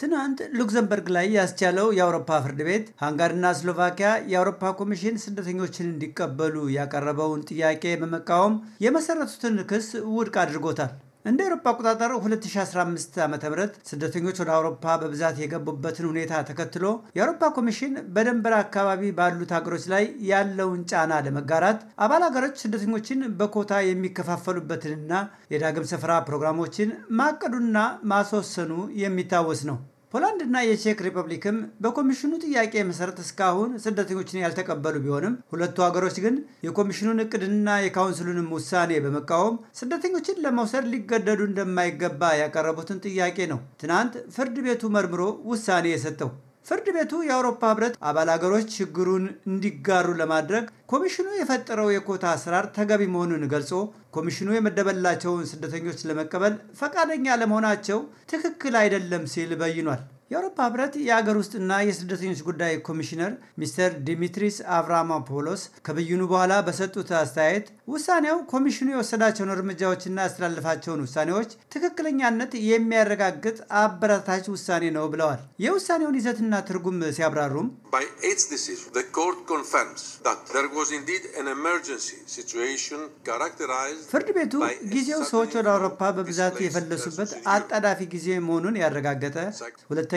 ትናንት ሉክዘምበርግ ላይ ያስቻለው የአውሮፓ ፍርድ ቤት ሃንጋሪና ስሎቫኪያ የአውሮፓ ኮሚሽን ስደተኞችን እንዲቀበሉ ያቀረበውን ጥያቄ በመቃወም የመሰረቱትን ክስ ውድቅ አድርጎታል። እንደ አውሮፓ አቆጣጠር 2015 ዓ ም ስደተኞች ወደ አውሮፓ በብዛት የገቡበትን ሁኔታ ተከትሎ የአውሮፓ ኮሚሽን በድንበር አካባቢ ባሉት ሀገሮች ላይ ያለውን ጫና ለመጋራት አባል ሀገሮች ስደተኞችን በኮታ የሚከፋፈሉበትንና የዳግም ስፍራ ፕሮግራሞችን ማቀዱና ማስወሰኑ የሚታወስ ነው። ፖላንድ እና የቼክ ሪፐብሊክም በኮሚሽኑ ጥያቄ መሰረት እስካሁን ስደተኞችን ያልተቀበሉ ቢሆንም ሁለቱ ሀገሮች ግን የኮሚሽኑን እቅድና የካውንስሉንም ውሳኔ በመቃወም ስደተኞችን ለመውሰድ ሊገደዱ እንደማይገባ ያቀረቡትን ጥያቄ ነው ትናንት ፍርድ ቤቱ መርምሮ ውሳኔ የሰጠው። ፍርድ ቤቱ የአውሮፓ ህብረት አባል አገሮች ችግሩን እንዲጋሩ ለማድረግ ኮሚሽኑ የፈጠረው የኮታ አሰራር ተገቢ መሆኑን ገልጾ ኮሚሽኑ የመደበላቸውን ስደተኞች ለመቀበል ፈቃደኛ ለመሆናቸው ትክክል አይደለም ሲል በይኗል። የአውሮፓ ህብረት የአገር ውስጥና የስደተኞች ጉዳይ ኮሚሽነር ሚስተር ዲሚትሪስ አብራማፖሎስ ከብይኑ በኋላ በሰጡት አስተያየት ውሳኔው ኮሚሽኑ የወሰዳቸውን እርምጃዎችና ያስተላልፋቸውን ውሳኔዎች ትክክለኛነት የሚያረጋግጥ አበረታች ውሳኔ ነው ብለዋል። የውሳኔውን ይዘትና ትርጉም ሲያብራሩም ፍርድ ቤቱ ጊዜው ሰዎች ወደ አውሮፓ በብዛት የፈለሱበት አጣዳፊ ጊዜ መሆኑን ያረጋገጠ፣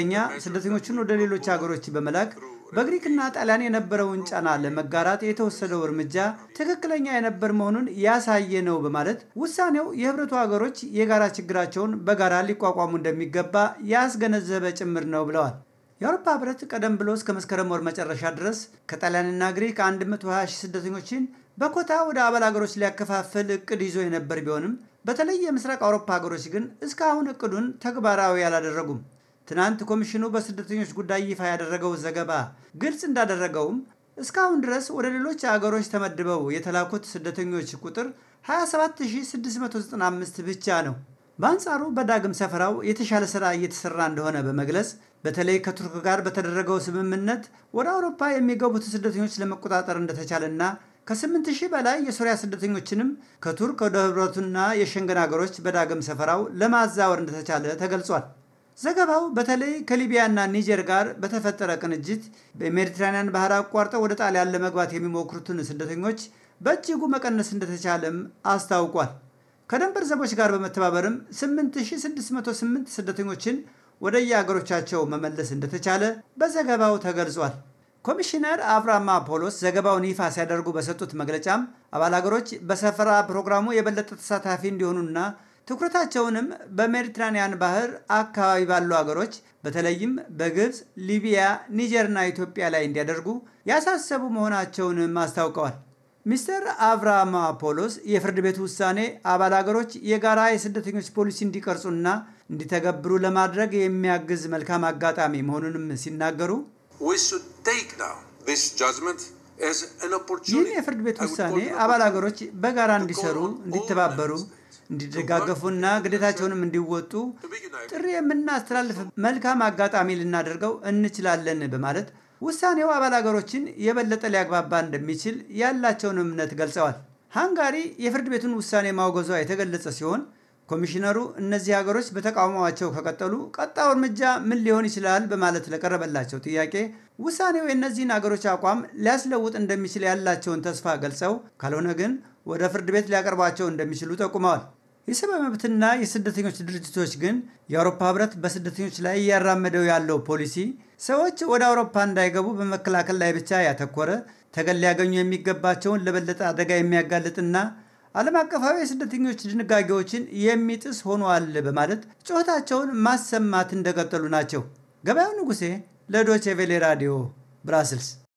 ሁለተኛ ስደተኞችን ወደ ሌሎች ሀገሮች በመላክ በግሪክና ጣሊያን የነበረውን ጫና ለመጋራት የተወሰደው እርምጃ ትክክለኛ የነበር መሆኑን ያሳየ ነው በማለት ውሳኔው የህብረቱ ሀገሮች የጋራ ችግራቸውን በጋራ ሊቋቋሙ እንደሚገባ ያስገነዘበ ጭምር ነው ብለዋል። የአውሮፓ ህብረት ቀደም ብሎ እስከ መስከረም ወር መጨረሻ ድረስ ከጣሊያንና ግሪክ 120 ሺህ ስደተኞችን በኮታ ወደ አባል ሀገሮች ሊያከፋፍል እቅድ ይዞ የነበር ቢሆንም በተለይ የምስራቅ አውሮፓ ሀገሮች ግን እስካሁን እቅዱን ተግባራዊ አላደረጉም። ትናንት ኮሚሽኑ በስደተኞች ጉዳይ ይፋ ያደረገው ዘገባ ግልጽ እንዳደረገውም እስካሁን ድረስ ወደ ሌሎች አገሮች ተመድበው የተላኩት ስደተኞች ቁጥር 27695 ብቻ ነው። በአንጻሩ በዳግም ሰፈራው የተሻለ ስራ እየተሰራ እንደሆነ በመግለጽ በተለይ ከቱርክ ጋር በተደረገው ስምምነት ወደ አውሮፓ የሚገቡት ስደተኞች ለመቆጣጠር እንደተቻለና ከ ሺህ በላይ የሱሪያ ስደተኞችንም ከቱርክ ወደ ህብረቱና የሸንገን ሀገሮች በዳግም ሰፈራው ለማዛወር እንደተቻለ ተገልጿል። ዘገባው በተለይ ከሊቢያና ኒጀር ጋር በተፈጠረ ቅንጅት በሜዲትራኒያን ባህር አቋርጠው ወደ ጣሊያን ለመግባት የሚሞክሩትን ስደተኞች በእጅጉ መቀነስ እንደተቻለም አስታውቋል። ከደንበር ዘቦች ጋር በመተባበርም 8608 ስደተኞችን ወደ የአገሮቻቸው መመለስ እንደተቻለ በዘገባው ተገልጿል። ኮሚሽነር አብራማ ፖሎስ ዘገባውን ይፋ ሲያደርጉ በሰጡት መግለጫም አባል አገሮች በሰፈራ ፕሮግራሙ የበለጠ ተሳታፊ እንዲሆኑና ትኩረታቸውንም በሜዲትራንያን ባህር አካባቢ ባሉ አገሮች በተለይም በግብፅ፣ ሊቢያ፣ ኒጀርና ኢትዮጵያ ላይ እንዲያደርጉ ያሳሰቡ መሆናቸውንም አስታውቀዋል። ሚስተር አብራማፖሎስ የፍርድ ቤት ውሳኔ አባል አገሮች የጋራ የስደተኞች ፖሊሲ እንዲቀርጹና እንዲተገብሩ ለማድረግ የሚያግዝ መልካም አጋጣሚ መሆኑንም ሲናገሩ ይህን የፍርድ ቤት ውሳኔ አባል አገሮች በጋራ እንዲሰሩ፣ እንዲተባበሩ እንዲደጋገፉና ግዴታቸውንም እንዲወጡ ጥሪ የምናስተላልፍ መልካም አጋጣሚ ልናደርገው እንችላለን በማለት ውሳኔው አባል አገሮችን የበለጠ ሊያግባባ እንደሚችል ያላቸውን እምነት ገልጸዋል። ሃንጋሪ የፍርድ ቤቱን ውሳኔ ማውገዟ የተገለጸ ሲሆን ኮሚሽነሩ እነዚህ ሀገሮች በተቃውሟቸው ከቀጠሉ ቀጣው እርምጃ ምን ሊሆን ይችላል በማለት ለቀረበላቸው ጥያቄ ውሳኔው የእነዚህን ሀገሮች አቋም ሊያስለውጥ እንደሚችል ያላቸውን ተስፋ ገልጸው ካልሆነ ግን ወደ ፍርድ ቤት ሊያቀርቧቸው እንደሚችሉ ጠቁመዋል። የሰብአዊ መብትና የስደተኞች ድርጅቶች ግን የአውሮፓ ህብረት በስደተኞች ላይ እያራመደው ያለው ፖሊሲ ሰዎች ወደ አውሮፓ እንዳይገቡ በመከላከል ላይ ብቻ ያተኮረ፣ ተገን ሊያገኙ የሚገባቸውን ለበለጠ አደጋ የሚያጋልጥና ዓለም አቀፋዊ የስደተኞች ድንጋጌዎችን የሚጥስ ሆኗል በማለት ጩኸታቸውን ማሰማት እንደቀጠሉ ናቸው። ገበያው ንጉሴ ለዶቼ ቬሌ ራዲዮ ብራስልስ